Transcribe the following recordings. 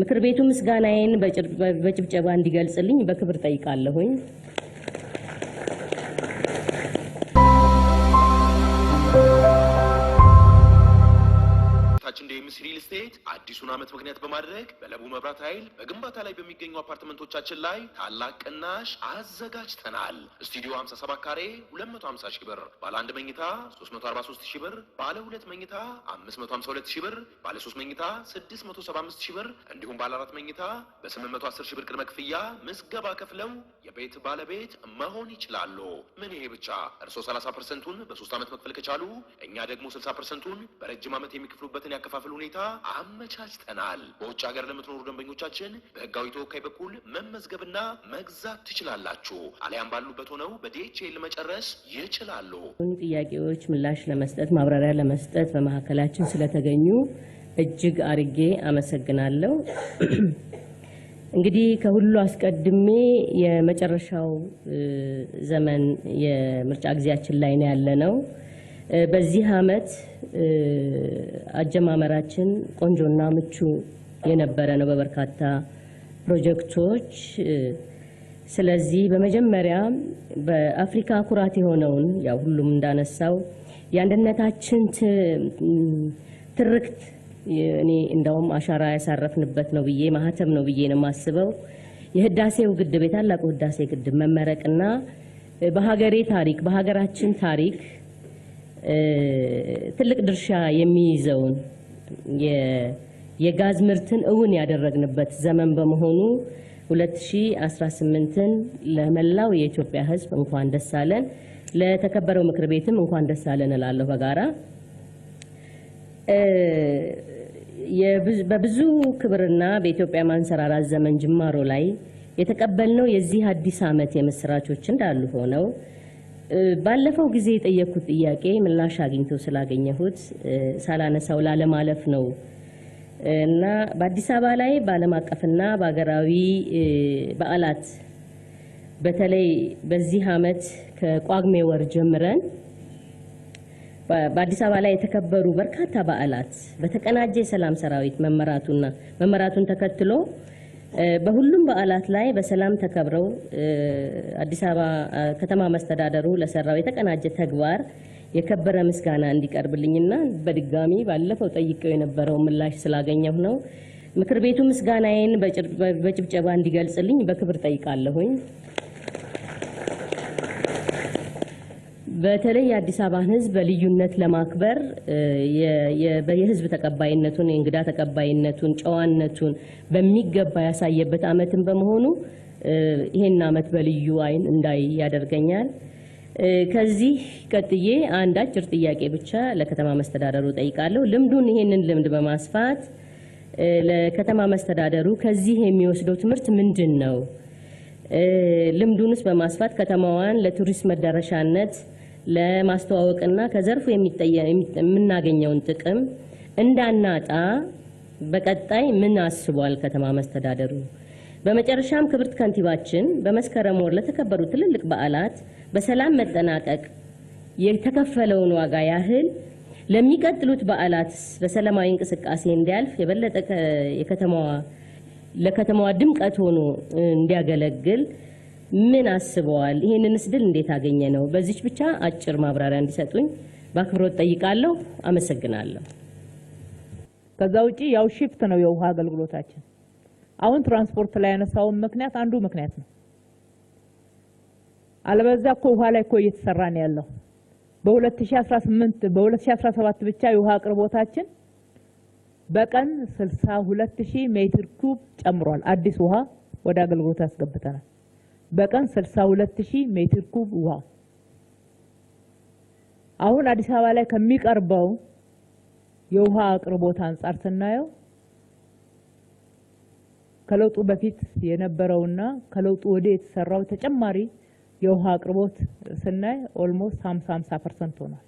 ምክር ቤቱ ምስጋናዬን በጭብጨባ እንዲገልጽልኝ በክብር ጠይቃለሁኝ። ሀገራችን ዴምስ ሪል ስቴት አዲሱን ዓመት ምክንያት በማድረግ በለቡ መብራት ኃይል በግንባታ ላይ በሚገኙ አፓርትመንቶቻችን ላይ ታላቅ ቅናሽ አዘጋጅተናል። ስቱዲዮ 57 ካሬ 250 ሺህ ብር፣ ባለ አንድ መኝታ 343 ሺህ ብር፣ ባለ ሁለት መኝታ 552 ሺህ ብር፣ ባለ ሶስት መኝታ 675 ሺህ ብር እንዲሁም ባለ አራት መኝታ በ810 ሺህ ብር ቅድመ ክፍያ ምዝገባ ከፍለው የቤት ባለቤት መሆን ይችላሉ። ምን ይሄ ብቻ እርስዎ 30 ፐርሰንቱን በሶስት ዓመት መክፈል ከቻሉ እኛ ደግሞ 60 ፐርሰንቱን በረጅም ዓመት የሚከፍሉበትን ያከ የማከፋፈል ሁኔታ አመቻችተናል። በውጭ ሀገር ለምትኖሩ ደንበኞቻችን በህጋዊ ተወካይ በኩል መመዝገብና መግዛት ትችላላችሁ። አሊያም ባሉበት ሆነው በዲኤችኤል መጨረስ ይችላሉ። ጥያቄዎች ምላሽ ለመስጠት ማብራሪያ ለመስጠት በመካከላችን ስለተገኙ እጅግ አርጌ አመሰግናለሁ። እንግዲህ ከሁሉ አስቀድሜ የመጨረሻው ዘመን የምርጫ ጊዜያችን ላይ ነው ያለነው። በዚህ ዓመት አጀማመራችን ቆንጆና ምቹ የነበረ ነው በበርካታ ፕሮጀክቶች። ስለዚህ በመጀመሪያ በአፍሪካ ኩራት የሆነውን ያው ሁሉም እንዳነሳው የአንድነታችን ትርክት እኔ እንደውም አሻራ ያሳረፍንበት ነው ብዬ ማህተም ነው ብዬ ነው የማስበው። የህዳሴው ግድብ የታላቁ ህዳሴ ግድብ መመረቅና በሀገሬ ታሪክ በሀገራችን ታሪክ ትልቅ ድርሻ የሚይዘውን የጋዝ ምርትን እውን ያደረግንበት ዘመን በመሆኑ 2018ን ለመላው የኢትዮጵያ ሕዝብ እንኳን ደስ አለን፣ ለተከበረው ምክር ቤትም እንኳን ደስ አለን እላለሁ በጋራ በብዙ ክብርና በኢትዮጵያ ማንሰራራት ዘመን ጅማሮ ላይ የተቀበልነው የዚህ አዲስ ዓመት የምስራቾች እንዳሉ ሆነው ባለፈው ጊዜ የጠየቅኩት ጥያቄ ምላሽ አግኝቶ ስላገኘሁት ሳላነሳው ላለማለፍ ነው እና በአዲስ አበባ ላይ በዓለም አቀፍና በሀገራዊ በዓላት በተለይ በዚህ ዓመት ከቋግሜ ወር ጀምረን በአዲስ አበባ ላይ የተከበሩ በርካታ በዓላት በተቀናጀ የሰላም ሰራዊት መመራቱና መመራቱን ተከትሎ በሁሉም በዓላት ላይ በሰላም ተከብረው አዲስ አበባ ከተማ መስተዳደሩ ለሰራው የተቀናጀ ተግባር የከበረ ምስጋና እንዲቀርብልኝና በድጋሚ ባለፈው ጠይቀው የነበረው ምላሽ ስላገኘሁ ነው። ምክር ቤቱ ምስጋናዬን በጭብጨባ እንዲገልጽልኝ በክብር ጠይቃለሁኝ። በተለይ የአዲስ አበባን ህዝብ በልዩነት ለማክበር የህዝብ ተቀባይነቱን የእንግዳ ተቀባይነቱን ጨዋነቱን በሚገባ ያሳየበት አመትን በመሆኑ ይሄን ዓመት በልዩ አይን እንዳይ ያደርገኛል። ከዚህ ቀጥዬ አንድ አጭር ጥያቄ ብቻ ለከተማ መስተዳደሩ ጠይቃለሁ። ልምዱን ይሄንን ልምድ በማስፋት ለከተማ መስተዳደሩ ከዚህ የሚወስደው ትምህርት ምንድን ነው? ልምዱንስ በማስፋት ከተማዋን ለቱሪስት መዳረሻነት ለማስተዋወቅና ከዘርፉ የምናገኘውን ጥቅም እንዳናጣ በቀጣይ ምን አስቧል ከተማ መስተዳደሩ? በመጨረሻም ክብርት ከንቲባችን በመስከረም ወር ለተከበሩ ትልልቅ በዓላት በሰላም መጠናቀቅ የተከፈለውን ዋጋ ያህል ለሚቀጥሉት በዓላት በሰላማዊ እንቅስቃሴ እንዲያልፍ የበለጠ የከተማዋ ለከተማዋ ድምቀት ሆኖ እንዲያገለግል ምን አስበዋል? ይህንን ስድል እንዴት አገኘ ነው? በዚች ብቻ አጭር ማብራሪያ እንዲሰጡኝ በአክብሮት ጠይቃለሁ። አመሰግናለሁ። ከዛ ውጪ ያው ሺፍት ነው የውሃ አገልግሎታችን። አሁን ትራንስፖርት ላይ ያነሳውን ምክንያት አንዱ ምክንያት ነው። አለበዛ እኮ ውሃ ላይ እኮ እየተሰራ ነው ያለው። በ2018 በ2017 ብቻ የውሃ አቅርቦታችን በቀን 62000 ሜትር ኩብ ጨምሯል። አዲስ ውሃ ወደ አገልግሎት አስገብተናል። በቀን 62000 ሜትር ኩብ ውሃ አሁን አዲስ አበባ ላይ ከሚቀርበው የውሃ አቅርቦት አንጻር ስናየው ከለውጡ በፊት የነበረውና ከለውጡ ወዲህ የተሰራው ተጨማሪ የውሃ አቅርቦት ስናይ ኦልሞስት 50 50 ፐርሰንት ሆኗል።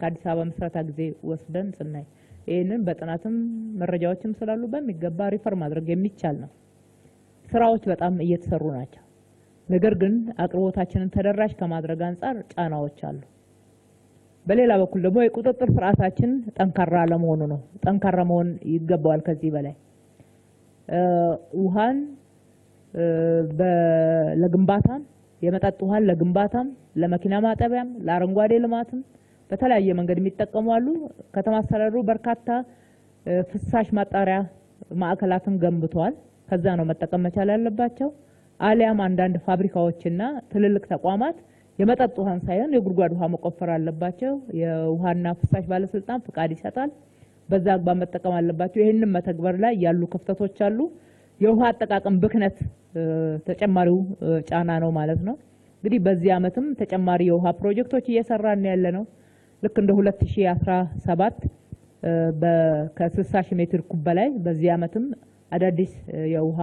ከአዲስ አበባ ምስረታ ጊዜ ወስደን ስናይ ይህንን በጥናትም መረጃዎችም ስላሉ በሚገባ ሪፈር ማድረግ የሚቻል ነው። ስራዎች በጣም እየተሰሩ ናቸው። ነገር ግን አቅርቦታችንን ተደራሽ ከማድረግ አንጻር ጫናዎች አሉ። በሌላ በኩል ደግሞ የቁጥጥር ስርዓታችን ጠንካራ ለመሆኑ ነው። ጠንካራ መሆን ይገባዋል። ከዚህ በላይ ውሃን ለግንባታም የመጠጥ ውሃን ለግንባታም፣ ለመኪና ማጠቢያም፣ ለአረንጓዴ ልማትም በተለያየ መንገድ የሚጠቀሙ አሉ። ከተማ አስተዳደሩ በርካታ ፍሳሽ ማጣሪያ ማዕከላትን ገንብተዋል። ከዛ ነው መጠቀም መቻል ያለባቸው። አሊያም አንዳንድ ፋብሪካዎችና ትልልቅ ተቋማት የመጠጥ ውሃን ሳይሆን የጉድጓድ ውሃ መቆፈር አለባቸው። የውሃና ፍሳሽ ባለስልጣን ፍቃድ ይሰጣል። በዛ አግባብ መጠቀም አለባቸው። ይህንን መተግበር ላይ ያሉ ክፍተቶች አሉ። የውሃ አጠቃቀም ብክነት ተጨማሪው ጫና ነው ማለት ነው። እንግዲህ በዚህ አመትም ተጨማሪ የውሃ ፕሮጀክቶች እየሰራን ያለ ነው። ልክ እንደ 2017 ከ60 ሺህ ሜትር ኩብ በላይ በዚህ አመትም አዳዲስ የውሃ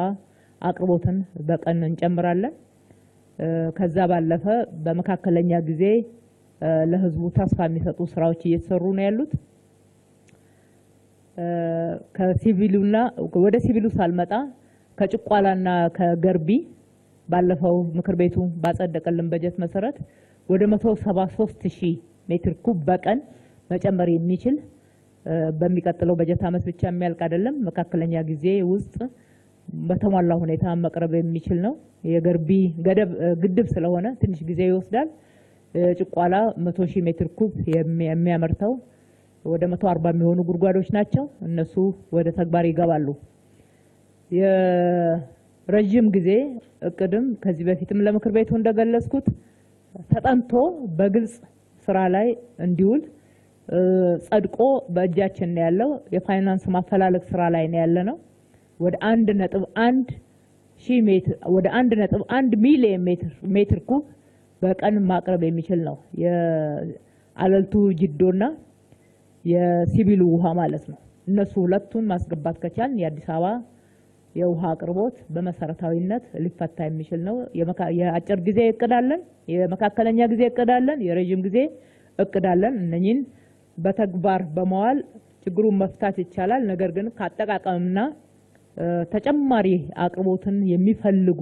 አቅርቦትን በቀን እንጨምራለን። ከዛ ባለፈ በመካከለኛ ጊዜ ለህዝቡ ተስፋ የሚሰጡ ስራዎች እየተሰሩ ነው ያሉት። ከሲቪሉና ወደ ሲቪሉ ሳልመጣ ከጭቋላና ከገርቢ ባለፈው ምክር ቤቱ ባጸደቀልን በጀት መሰረት ወደ 173 ሺህ ሜትር ኩብ በቀን መጨመር የሚችል በሚቀጥለው በጀት ዓመት ብቻ የሚያልቅ አይደለም፣ መካከለኛ ጊዜ ውስጥ በተሟላ ሁኔታ መቅረብ የሚችል ነው። የገርቢ ገደብ ግድብ ስለሆነ ትንሽ ጊዜ ይወስዳል። ጭቋላ 100 ሺህ ሜትር ኩብ የሚያመርተው ወደ 140 የሚሆኑ ጉድጓዶች ናቸው። እነሱ ወደ ተግባር ይገባሉ። የረዥም ጊዜ እቅድም ከዚህ በፊትም ለምክር ቤቱ እንደገለጽኩት ተጠንቶ በግልጽ ስራ ላይ እንዲውል ጸድቆ በእጃችን ያለው። የፋይናንስ ማፈላለግ ስራ ላይ ያለ ነው። ወደ አንድ ነጥብ አንድ ሺህ ሜትር ወደ አንድ ነጥብ አንድ ሚሊየን ሜትር ኩብ በቀን ማቅረብ የሚችል ነው። የአለልቱ ጅዶና የሲቪሉ ውሃ ማለት ነው። እነሱ ሁለቱን ማስገባት ከቻል የአዲስ አበባ የውሃ አቅርቦት በመሰረታዊነት ሊፈታ የሚችል ነው። የአጭር ጊዜ እቅዳለን፣ የመካከለኛ ጊዜ እቅዳለን፣ የረዥም ጊዜ እቅዳለን። እነኚህን በተግባር በመዋል ችግሩን መፍታት ይቻላል። ነገር ግን ከአጠቃቀምና ተጨማሪ አቅርቦትን የሚፈልጉ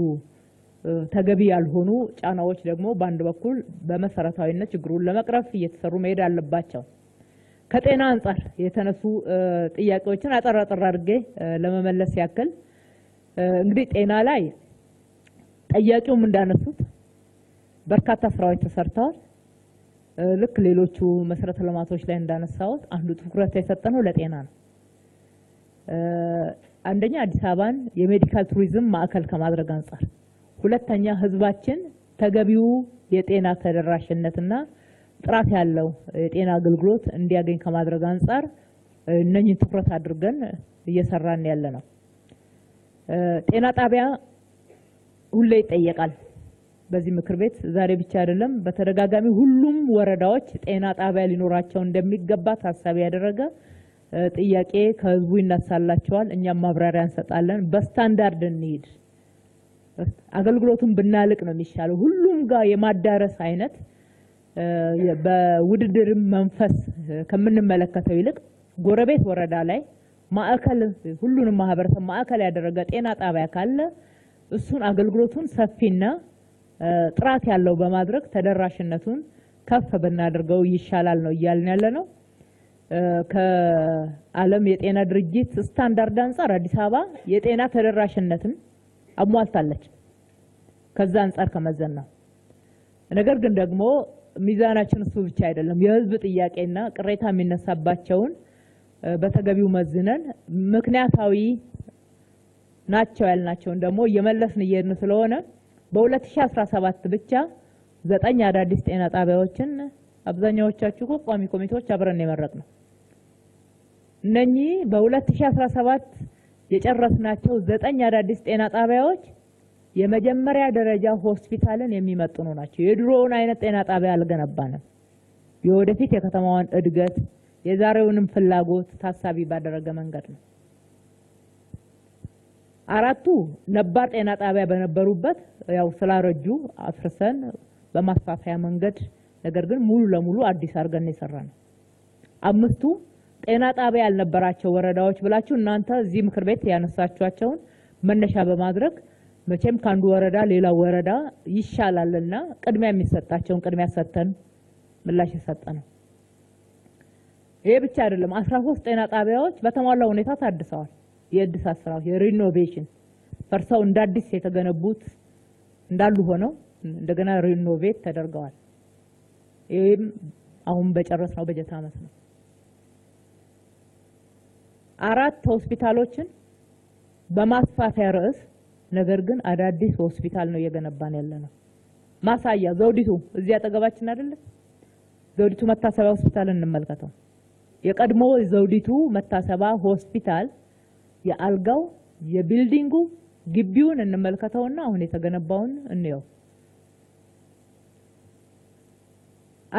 ተገቢ ያልሆኑ ጫናዎች ደግሞ በአንድ በኩል በመሰረታዊነት ችግሩን ለመቅረፍ እየተሰሩ መሄድ አለባቸው። ከጤና አንጻር የተነሱ ጥያቄዎችን አጠር አጠር አድርጌ ለመመለስ ያክል እንግዲህ ጤና ላይ ጠያቂውም እንዳነሱት በርካታ ስራዎች ተሰርተዋል። ልክ ሌሎቹ መሰረተ ልማቶች ላይ እንዳነሳሁት አንዱ ትኩረት የሰጠነው ለጤና ነው። አንደኛ አዲስ አበባን የሜዲካል ቱሪዝም ማዕከል ከማድረግ አንጻር፣ ሁለተኛ ህዝባችን ተገቢው የጤና ተደራሽነትና ጥራት ያለው የጤና አገልግሎት እንዲያገኝ ከማድረግ አንጻር እነኝህን ትኩረት አድርገን እየሰራን ያለ ነው። ጤና ጣቢያ ሁሌ ይጠየቃል። በዚህ ምክር ቤት ዛሬ ብቻ አይደለም፣ በተደጋጋሚ ሁሉም ወረዳዎች ጤና ጣቢያ ሊኖራቸው እንደሚገባ ታሳቢ ያደረገ ጥያቄ ከህዝቡ ይነሳላቸዋል። እኛም ማብራሪያ እንሰጣለን። በስታንዳርድ እንሂድ። አገልግሎቱን ብናልቅ ነው የሚሻለው። ሁሉም ጋር የማዳረስ አይነት በውድድር መንፈስ ከምንመለከተው ይልቅ ጎረቤት ወረዳ ላይ ማዕከል ሁሉንም ማህበረሰብ ማዕከል ያደረገ ጤና ጣቢያ ካለ እሱን አገልግሎቱን ሰፊና ጥራት ያለው በማድረግ ተደራሽነቱን ከፍ ብናደርገው ይሻላል ነው እያልን ያለ ነው። ከዓለም የጤና ድርጅት ስታንዳርድ አንጻር አዲስ አበባ የጤና ተደራሽነትን አሟልታለች። ከዛ አንጻር ከመዘን ነው። ነገር ግን ደግሞ ሚዛናችን እሱ ብቻ አይደለም። የህዝብ ጥያቄና ቅሬታ የሚነሳባቸውን በተገቢው መዝነን ምክንያታዊ ናቸው ያልናቸውን ደግሞ እየመለስን እየሄድን ስለሆነ በ2017 ብቻ ዘጠኝ አዳዲስ ጤና ጣቢያዎችን አብዛኛዎቻችሁ ቋሚ ኮሚቴዎች አብረን የመረጥ ነው። እነኚህ በ2017 የጨረስናቸው ዘጠኝ አዳዲስ ጤና ጣቢያዎች የመጀመሪያ ደረጃ ሆስፒታልን የሚመጥኑ ናቸው። የድሮውን አይነት ጤና ጣቢያ አልገነባንም። የወደፊት የከተማዋን እድገት የዛሬውንም ፍላጎት ታሳቢ ባደረገ መንገድ ነው። አራቱ ነባር ጤና ጣቢያ በነበሩበት ያው ስላረጁ አፍርሰን በማስፋፊያ መንገድ ነገር ግን ሙሉ ለሙሉ አዲስ አድርገን የሰራ ነው። አምስቱ ጤና ጣቢያ ያልነበራቸው ወረዳዎች ብላችሁ እናንተ እዚህ ምክር ቤት ያነሳችኋቸውን መነሻ በማድረግ መቼም ከአንዱ ወረዳ ሌላ ወረዳ ይሻላልና ቅድሚያ የሚሰጣቸውን ቅድሚያ ሰተን ምላሽ የሰጠ ነው። ይሄ ብቻ አይደለም። አስራ ሶስት ጤና ጣቢያዎች በተሟላ ሁኔታ ታድሰዋል። የእድሳት ስራዎች የሪኖቬሽን ፈርሰው እንደ አዲስ የተገነቡት እንዳሉ ሆነው እንደገና ሪኖቬት ተደርገዋል። ይህም አሁን በጨረስነው በጀት ዓመት ነው። አራት ሆስፒታሎችን በማስፋፊያ ርዕስ ነገር ግን አዳዲስ ሆስፒታል ነው እየገነባን ያለ ነው። ማሳያ ዘውዲቱ እዚህ አጠገባችን አይደለ? ዘውዲቱ መታሰቢያ ሆስፒታል እንመልከተው። የቀድሞ ዘውዲቱ መታሰቢያ ሆስፒታል የአልጋው የቢልዲንጉ ግቢውን እንመልከተውና አሁን የተገነባውን እንየው።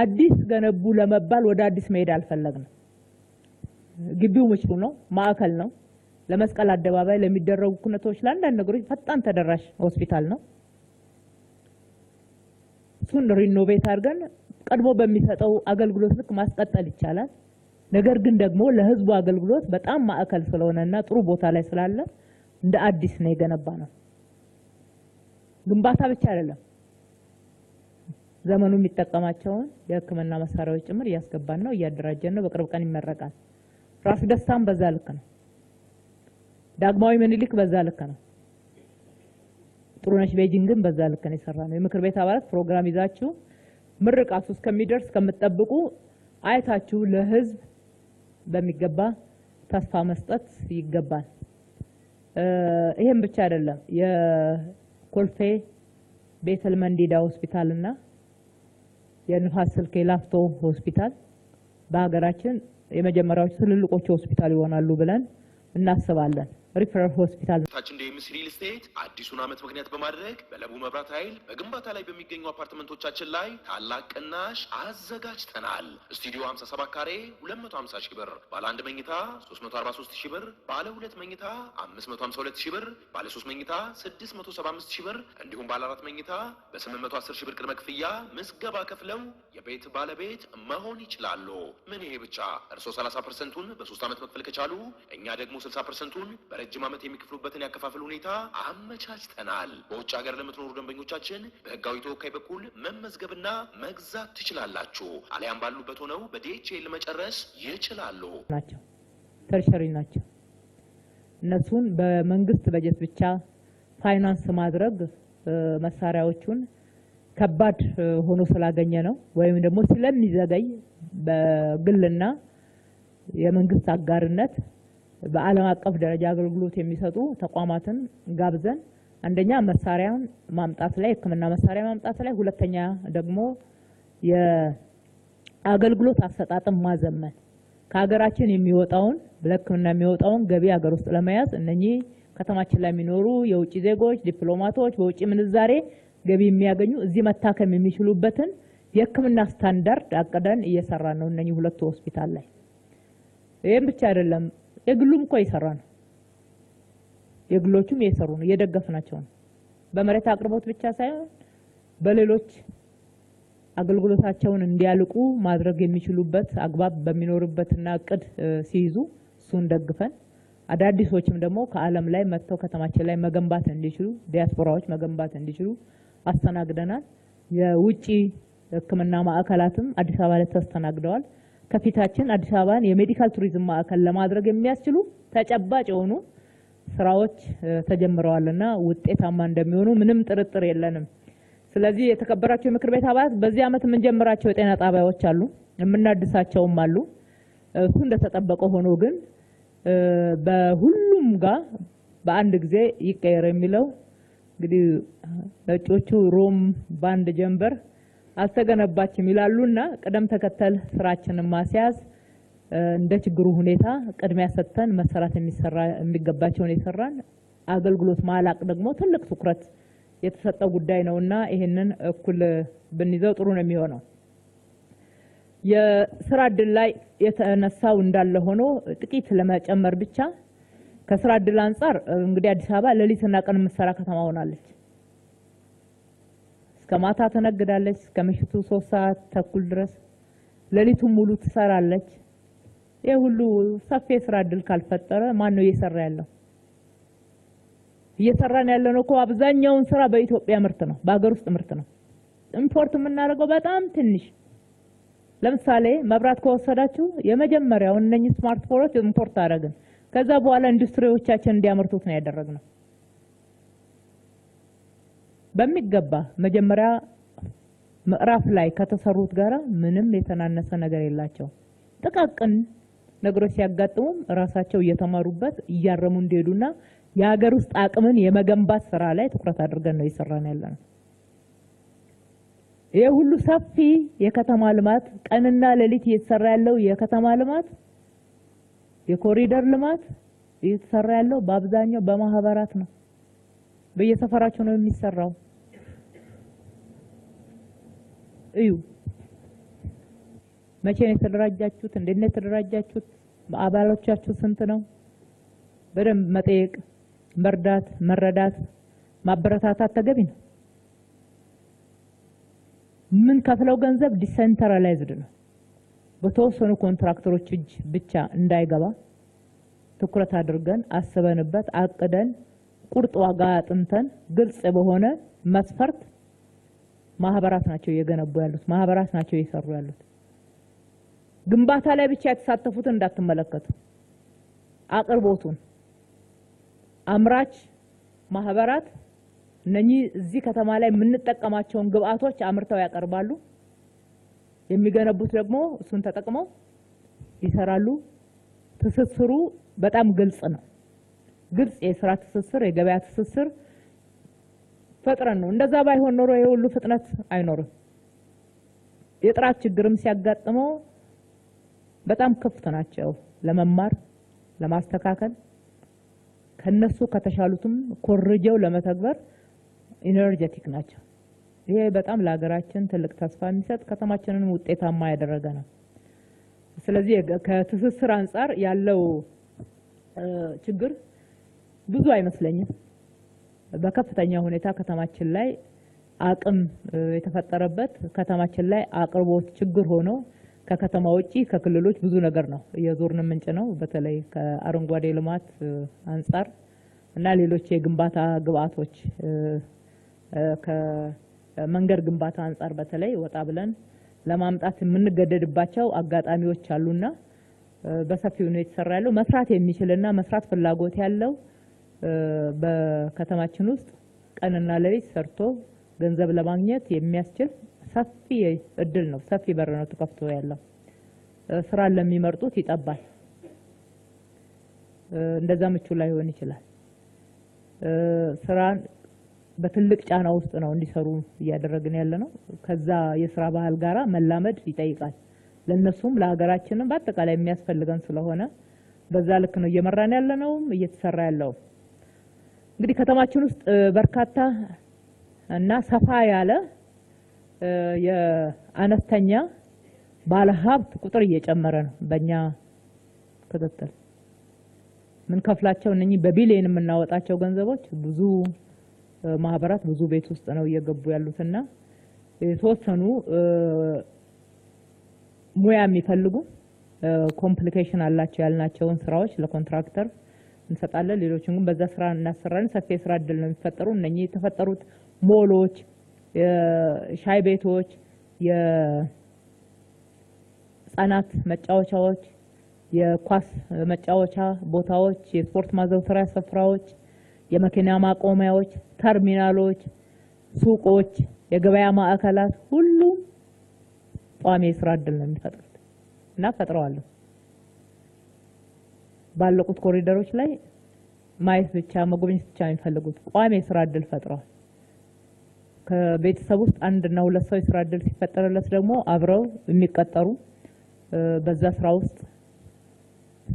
አዲስ ገነቡ ለመባል ወደ አዲስ መሄድ አልፈለግንም። ግቢው ምቹ ነው፣ ማዕከል ነው። ለመስቀል አደባባይ ለሚደረጉ ኩነቶች፣ ለአንዳንድ ነገሮች ፈጣን ተደራሽ ሆስፒታል ነው። እሱን ሪኖቬት አድርገን ቀድሞ በሚሰጠው አገልግሎት ልክ ማስቀጠል ይቻላል። ነገር ግን ደግሞ ለህዝቡ አገልግሎት በጣም ማዕከል ስለሆነ እና ጥሩ ቦታ ላይ ስላለ እንደ አዲስ ነው የገነባ ነው። ግንባታ ብቻ አይደለም፣ ዘመኑ የሚጠቀማቸውን የህክምና መሳሪያዎች ጭምር እያስገባን ነው፣ እያደራጀን ነው። በቅርብ ቀን ይመረቃል። ራሱ ደስታም በዛ ልክ ነው። ዳግማዊ ምኒልክ በዛ ልክ ነው። ጥሩነሽ ቤጂንግን በዛ ልክ ነው የሰራ ነው። የምክር ቤት አባላት ፕሮግራም ይዛችሁ ምርቃቱ እስከሚደርስ ከምትጠብቁ አይታችሁ ለህዝብ በሚገባ ተስፋ መስጠት ይገባል። ይሄም ብቻ አይደለም። የኮልፌ ቤተል መንዲዳ ሆስፒታል እና የንፋስ ስልክ የላፍቶ ሆስፒታል በሀገራችን የመጀመሪያዎች ትልልቆቹ ሆስፒታል ይሆናሉ ብለን እናስባለን። ሪፈራል ሆስፒታል ታች እንደ ኤምሲ ሪል ስቴት አዲሱን ዓመት ምክንያት በማድረግ በለቡ መብራት ኃይል በግንባታ ላይ በሚገኙ አፓርትመንቶቻችን ላይ ታላቅ ቅናሽ አዘጋጅተናል። ስቱዲዮ 57 ካሬ 250 ሺህ ብር፣ ባለ አንድ መኝታ 343 ሺህ ብር፣ ባለ ሁለት መኝታ 552 ሺህ ብር፣ ባለ ሶስት መኝታ 675 ሺህ ብር እንዲሁም ባለ አራት መኝታ በ810 ሺህ ብር ቅድመ ክፍያ ምዝገባ ከፍለው የቤት ባለቤት መሆን ይችላሉ። ምን ይሄ ብቻ እርስዎ 30 ፐርሰንቱን በሶስት ዓመት መክፈል ከቻሉ እኛ ደግሞ 60 ፐርሰንቱን ለረጅም ዓመት የሚከፍሉበትን ያከፋፈል ሁኔታ አመቻችተናል። በውጭ ሀገር ለምትኖሩ ደንበኞቻችን በህጋዊ ተወካይ በኩል መመዝገብና መግዛት ትችላላችሁ። አሊያም ባሉበት ሆነው በዲኤችኤል መጨረስ ይችላሉ ናቸው። ተርሸሪ ናቸው። እነሱን በመንግስት በጀት ብቻ ፋይናንስ ማድረግ መሳሪያዎቹን ከባድ ሆኖ ስላገኘ ነው ወይም ደግሞ ስለሚዘገይ በግልና የመንግስት አጋርነት በዓለም አቀፍ ደረጃ አገልግሎት የሚሰጡ ተቋማትን ጋብዘን አንደኛ መሳሪያን ማምጣት ላይ ሕክምና መሳሪያ ማምጣት ላይ፣ ሁለተኛ ደግሞ የአገልግሎት አሰጣጥም ማዘመን ከሀገራችን የሚወጣውን ለሕክምና የሚወጣውን ገቢ ሀገር ውስጥ ለመያዝ እነኚህ ከተማችን ላይ የሚኖሩ የውጭ ዜጎች፣ ዲፕሎማቶች በውጭ ምንዛሬ ገቢ የሚያገኙ እዚህ መታከም የሚችሉበትን የሕክምና ስታንዳርድ አቅደን እየሰራ ነው እነኚህ ሁለቱ ሆስፒታል ላይ። ይህም ብቻ አይደለም። የግሉም እኮ እየሰራ ነው። የግሎቹም እየሰሩ ነው፣ እየደገፍናቸው ነው። በመሬት አቅርቦት ብቻ ሳይሆን በሌሎች አገልግሎታቸውን እንዲያልቁ ማድረግ የሚችሉበት አግባብ በሚኖርበትና እቅድ ሲይዙ እሱን ደግፈን አዳዲሶችም ደግሞ ከዓለም ላይ መጥተው ከተማችን ላይ መገንባት እንዲችሉ ዲያስፖራዎች መገንባት እንዲችሉ አስተናግደናል። የውጭ ሕክምና ማዕከላትም አዲስ አበባ ላይ ተስተናግደዋል። ከፊታችን አዲስ አበባን የሜዲካል ቱሪዝም ማዕከል ለማድረግ የሚያስችሉ ተጨባጭ የሆኑ ስራዎች ተጀምረዋልና ውጤታማ እንደሚሆኑ ምንም ጥርጥር የለንም። ስለዚህ የተከበራቸው የምክር ቤት አባላት በዚህ ዓመት የምንጀምራቸው የጤና ጣቢያዎች አሉ፣ የምናድሳቸውም አሉ። እሱ እንደተጠበቀ ሆኖ ግን በሁሉም ጋር በአንድ ጊዜ ይቀየር የሚለው እንግዲህ ነጮቹ ሮም በአንድ ጀንበር አልተገነባችም ይላሉና ቅደም ተከተል ስራችንን ማስያዝ እንደ ችግሩ ሁኔታ ቅድሚያ ሰጥተን መሰራት የሚሰራ የሚገባቸውን የሰራን አገልግሎት ማላቅ ደግሞ ትልቅ ትኩረት የተሰጠው ጉዳይ ነውና ይህንን እኩል ብንይዘው ጥሩ ነው የሚሆነው። የስራ እድል ላይ የተነሳው እንዳለ ሆኖ ጥቂት ለመጨመር ብቻ ከስራ እድል አንጻር እንግዲህ አዲስ አበባ ሌሊትና ቀን የምትሰራ ከተማ ሆናለች። እስከ ማታ ተነግዳለች፣ እስከ ምሽቱ ሶስት ሰዓት ተኩል ድረስ ሌሊቱን ሙሉ ትሰራለች። ይህ ሁሉ ሰፊ የስራ እድል ካልፈጠረ ማን ነው እየሰራ ያለው? እየሰራን ያለ ነው እኮ አብዛኛውን ስራ በኢትዮጵያ ምርት ነው፣ በሀገር ውስጥ ምርት ነው። ኢምፖርት የምናደርገው በጣም ትንሽ። ለምሳሌ መብራት ከወሰዳችሁ የመጀመሪያውን እነኚህ ስማርትፎኖች ኢምፖርት አደረግን። ከዛ በኋላ ኢንዱስትሪዎቻችን እንዲያመርቱት ነው ያደረግነው። በሚገባ መጀመሪያ ምዕራፍ ላይ ከተሰሩት ጋራ ምንም የተናነሰ ነገር የላቸው። ጥቃቅን ነገሮች ሲያጋጥሙም ራሳቸው እየተማሩበት እያረሙ እንዲሄዱና የሀገር ውስጥ አቅምን የመገንባት ስራ ላይ ትኩረት አድርገን ነው እየሰራን ያለነው። ይህ ሁሉ ሰፊ የከተማ ልማት ቀንና ሌሊት እየተሰራ ያለው የከተማ ልማት የኮሪደር ልማት እየተሰራ ያለው በአብዛኛው በማህበራት ነው። በየሰፈራቸው ነው የሚሰራው። እዩ። መቼ ነው የተደራጃችሁት? እንዴት ነው የተደራጃችሁት? አባሎቻችሁ ስንት ነው? በደንብ መጠየቅ፣ መርዳት፣ መረዳት፣ ማበረታታት ተገቢ ነው። ምን ከፍለው ገንዘብ ዲሴንትራላይዝድ ነው በተወሰኑ ኮንትራክተሮች እጅ ብቻ እንዳይገባ ትኩረት አድርገን አስበንበት አቅደን ቁርጥ ዋጋ አጥንተን ግልጽ በሆነ መስፈርት ማህበራት ናቸው እየገነቡ ያሉት፣ ማህበራት ናቸው እየሰሩ ያሉት። ግንባታ ላይ ብቻ የተሳተፉትን እንዳትመለከቱ። አቅርቦቱን አምራች ማህበራት እነኚህ እዚህ ከተማ ላይ የምንጠቀማቸውን ግብአቶች አምርተው ያቀርባሉ። የሚገነቡት ደግሞ እሱን ተጠቅመው ይሰራሉ። ትስስሩ በጣም ግልጽ ነው። ግልጽ የስራ ትስስር፣ የገበያ ትስስር ፈጥረን ነው። እንደዛ ባይሆን ኖሮ ይሄ ሁሉ ፍጥነት አይኖርም። የጥራት ችግርም ሲያጋጥመው በጣም ክፍት ናቸው ለመማር ለማስተካከል ከነሱ ከተሻሉትም ኮርጀው ለመተግበር ኢነርጀቲክ ናቸው። ይሄ በጣም ለሀገራችን ትልቅ ተስፋ የሚሰጥ ከተማችንንም ውጤታማ ያደረገ ነው። ስለዚህ ከትስስር አንጻር ያለው ችግር ብዙ አይመስለኝም። በከፍተኛ ሁኔታ ከተማችን ላይ አቅም የተፈጠረበት ከተማችን ላይ አቅርቦት ችግር ሆኖ ከከተማ ውጪ ከክልሎች ብዙ ነገር ነው የዞርን ምንጭ ነው። በተለይ ከአረንጓዴ ልማት አንጻር እና ሌሎች የግንባታ ግብአቶች ከመንገድ ግንባታ አንጻር በተለይ ወጣ ብለን ለማምጣት የምንገደድባቸው አጋጣሚዎች አሉና በሰፊው ነው የተሰራ ያለው መስራት የሚችልና መስራት ፍላጎት ያለው በከተማችን ውስጥ ቀንና ሌሊት ሰርቶ ገንዘብ ለማግኘት የሚያስችል ሰፊ እድል ነው። ሰፊ በር ነው ተከፍቶ ያለው። ስራን ለሚመርጡት ይጠባል። እንደዛ ምቹ ላይሆን ይችላል። ስራን በትልቅ ጫና ውስጥ ነው እንዲሰሩ እያደረግን ያለ ነው። ከዛ የስራ ባህል ጋራ መላመድ ይጠይቃል። ለነሱም ለሀገራችንም በአጠቃላይ የሚያስፈልገን ስለሆነ በዛ ልክ ነው እየመራን ያለነውም እየተሰራ ያለውም። እንግዲህ ከተማችን ውስጥ በርካታ እና ሰፋ ያለ የአነስተኛ ባለሀብት ቁጥር እየጨመረ ነው። በእኛ ክትትል ከፍላቸው እነኚህ በቢሊየን የምናወጣቸው ገንዘቦች ብዙ ማህበራት ብዙ ቤት ውስጥ ነው እየገቡ ያሉትና የተወሰኑ ሙያ የሚፈልጉ ኮምፕሊኬሽን አላቸው ያልናቸውን ስራዎች ለኮንትራክተር እንሰጣለን። ሌሎችን ግን በዛ ስራ እናሰራለን። ሰፊ የስራ እድል ነው የሚፈጠሩ። እነኚህ የተፈጠሩት ሞሎች፣ የሻይ ቤቶች፣ የህጻናት መጫወቻዎች፣ የኳስ መጫወቻ ቦታዎች፣ የስፖርት ማዘውተሪያ ስፍራዎች፣ የመኪና ማቆሚያዎች፣ ተርሚናሎች፣ ሱቆች፣ የገበያ ማዕከላት ሁሉም ቋሚ የስራ እድል ነው የሚፈጥሩት እና ፈጥረዋለሁ። ባለቁት ኮሪደሮች ላይ ማየት ብቻ መጎብኘት ብቻ የሚፈልጉት ቋሚ የስራ እድል ፈጥረዋል። ከቤተሰብ ውስጥ አንድና ሁለት ሰው የስራ እድል ሲፈጠርለት ደግሞ አብረው የሚቀጠሩ በዛ ስራ ውስጥ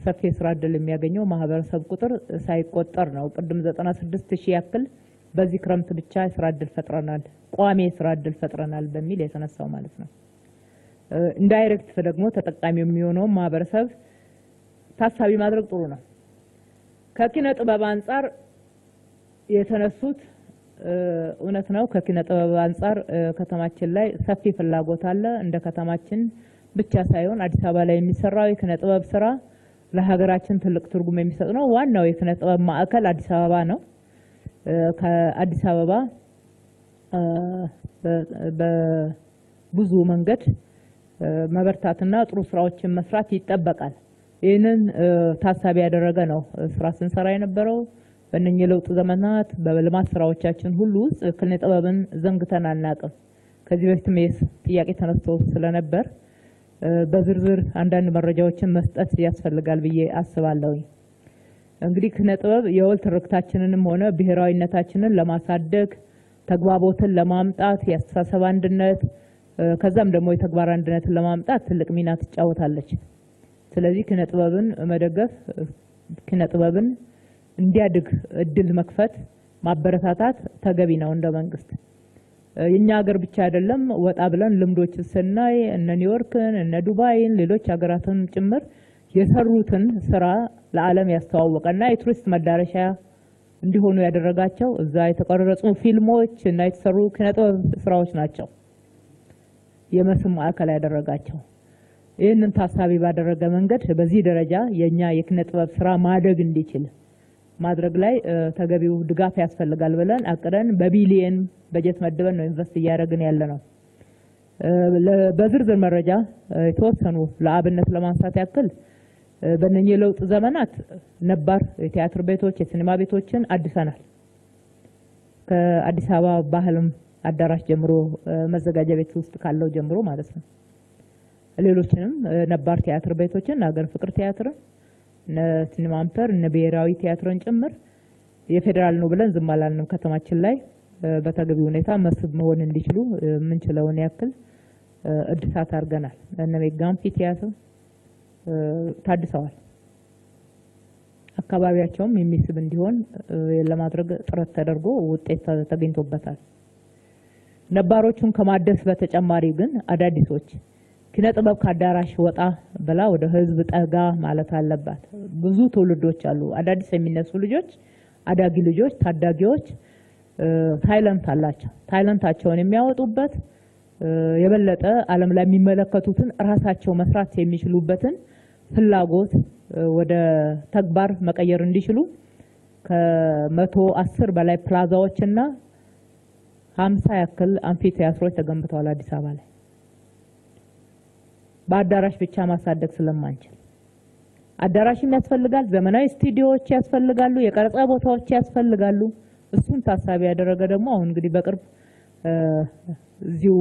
ሰፊ የስራ እድል የሚያገኘው ማህበረሰብ ቁጥር ሳይቆጠር ነው። ቅድም ዘጠና ሺህ ያክል በዚህ ክረምት ብቻ የስራ እድል ፈጥረናል፣ ቋሚ የስራ እድል ፈጥረናል በሚል የተነሳው ማለት ነው። ኢንዳይሬክት ደግሞ ተጠቃሚ የሚሆነው ማህበረሰብ ታሳቢ ማድረግ ጥሩ ነው። ከኪነ ጥበብ አንጻር የተነሱት እውነት ነው። ከኪነ ጥበብ አንጻር ከተማችን ላይ ሰፊ ፍላጎት አለ። እንደ ከተማችን ብቻ ሳይሆን አዲስ አበባ ላይ የሚሰራው የኪነ ጥበብ ስራ ለሀገራችን ትልቅ ትርጉም የሚሰጥ ነው። ዋናው የኪነ ጥበብ ማዕከል አዲስ አበባ ነው። ከአዲስ አበባ በብዙ መንገድ መበርታትና ጥሩ ስራዎችን መስራት ይጠበቃል። ይህንን ታሳቢ ያደረገ ነው ስራ ስንሰራ የነበረው። በእነኚህ የለውጥ ዘመናት በልማት ስራዎቻችን ሁሉ ውስጥ ክልኔ ጥበብን ዘንግተን አናቅም። ከዚህ በፊትም ጥያቄ ተነስቶ ስለነበር በዝርዝር አንዳንድ መረጃዎችን መስጠት ያስፈልጋል ብዬ አስባለሁ። እንግዲህ ክነ ጥበብ የወል ትርክታችንንም ሆነ ብሔራዊነታችንን ለማሳደግ ተግባቦትን ለማምጣት የአስተሳሰብ አንድነት ከዛም ደግሞ የተግባር አንድነትን ለማምጣት ትልቅ ሚና ትጫወታለች። ስለዚህ ኪነ ጥበብን መደገፍ፣ ኪነ ጥበብን እንዲያድግ እድል መክፈት፣ ማበረታታት ተገቢ ነው እንደ መንግስት። የኛ ሀገር ብቻ አይደለም። ወጣ ብለን ልምዶችን ስናይ እነ ኒውዮርክን፣ እነ ዱባይን፣ ሌሎች ሀገራትን ጭምር የሰሩትን ስራ ለዓለም ያስተዋወቀ እና የቱሪስት መዳረሻ እንዲሆኑ ያደረጋቸው እዛ የተቀረጹ ፊልሞች እና የተሰሩ ኪነጥበብ ስራዎች ናቸው የመስም ማዕከል ያደረጋቸው። ይህንን ታሳቢ ባደረገ መንገድ በዚህ ደረጃ የእኛ የኪነ ጥበብ ስራ ማደግ እንዲችል ማድረግ ላይ ተገቢው ድጋፍ ያስፈልጋል ብለን አቅደን በቢሊየን በጀት መድበን ነው ኢንቨስት እያደረግን ያለ ነው። በዝርዝር መረጃ የተወሰኑ ለአብነት ለማንሳት ያክል በእነኚህ የለውጥ ዘመናት ነባር የቲያትር ቤቶች፣ የሲኒማ ቤቶችን አድሰናል። ከአዲስ አበባ ባህልም አዳራሽ ጀምሮ መዘጋጃ ቤት ውስጥ ካለው ጀምሮ ማለት ነው። ሌሎችንም ነባር ቲያትር ቤቶችን ሀገር ፍቅር ቲያትርን እነ ሲኒማምፐር እነ ብሔራዊ ቲያትርን ጭምር የፌዴራል ነው ብለን ዝም አላልንም። ከተማችን ላይ በተገቢ ሁኔታ መስህብ መሆን እንዲችሉ የምንችለውን ያክል እድሳት አድርገናል። እነ ሜጋምፒ ቲያትር ታድሰዋል። አካባቢያቸውም የሚስብ እንዲሆን ለማድረግ ጥረት ተደርጎ ውጤት ተገኝቶበታል። ነባሮቹን ከማደስ በተጨማሪ ግን አዳዲሶች ኪነ ጥበብ ከአዳራሽ ወጣ ብላ ወደ ህዝብ ጠጋ ማለት አለባት። ብዙ ትውልዶች አሉ፣ አዳዲስ የሚነሱ ልጆች፣ አዳጊ ልጆች፣ ታዳጊዎች ታይለንት አላቸው። ታይለንታቸውን የሚያወጡበት የበለጠ ዓለም ላይ የሚመለከቱትን እራሳቸው መስራት የሚችሉበትን ፍላጎት ወደ ተግባር መቀየር እንዲችሉ ከመቶ አስር በላይ ፕላዛዎችና ሀምሳ ያክል አምፊ ተገንብተዋል አዲስ አበባ ላይ። በአዳራሽ ብቻ ማሳደግ ስለማንችል አዳራሽም ያስፈልጋል፣ ዘመናዊ ስቱዲዮዎች ያስፈልጋሉ፣ የቀረጻ ቦታዎች ያስፈልጋሉ። እሱን ታሳቢ ያደረገ ደግሞ አሁን እንግዲህ በቅርብ እዚሁ